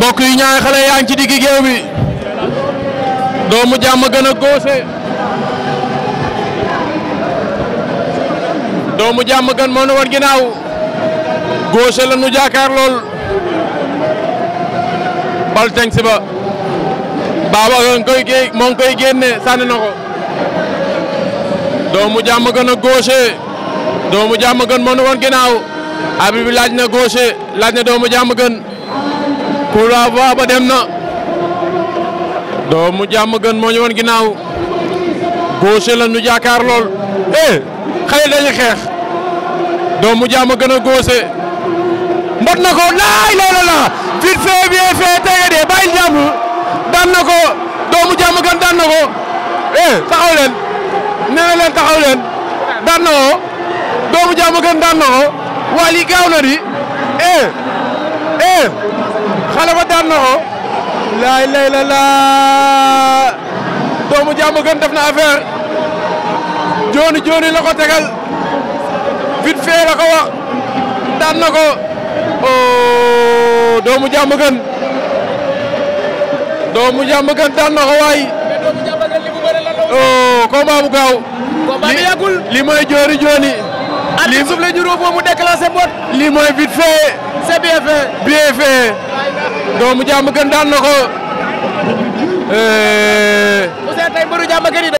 mbokk yi ñaari xale yaa ngi ci diggi géew doomu jàmm gën a góose doomu jàmm gën moo nu woon ginnaaw góose la nu jaakaar lool bal teng si ba baaba nga ko doomu jàmm gën a góose doomu woon ginnaaw bi laaj na góose laaj na doomu jàmm gën coup d'envoi ba dem na doomu jàmm gën moo ñu woon ginnaaw gauche jaakaar lool eh dañu xeex doomu jàmm gën a gauche mbot na ko laay loola la vite fait bien fait tege de bàyyil jàmm daan na ko doomu jàmm gën daan na ko eh taxaw leen nee na na ko doomu jàmm gën daan na ko waa lii gaaw na di eh eh na ko laay lay la laa doomu jàmm gën def na affaire jooni jooni la tegal vite fait la ko daan na ko oh, doomu jàmm gën doomu jàmm gën daan na ko waay oh combat gaaw. combat jooni jooni. lii suuf la ñu ruuboo mu déclenché mbot. lii mooy vite fait. c'est bien fait. bien doomu jàmm gën daan na ko. Eh. Ousseyn tey mbiru jàmm gën yi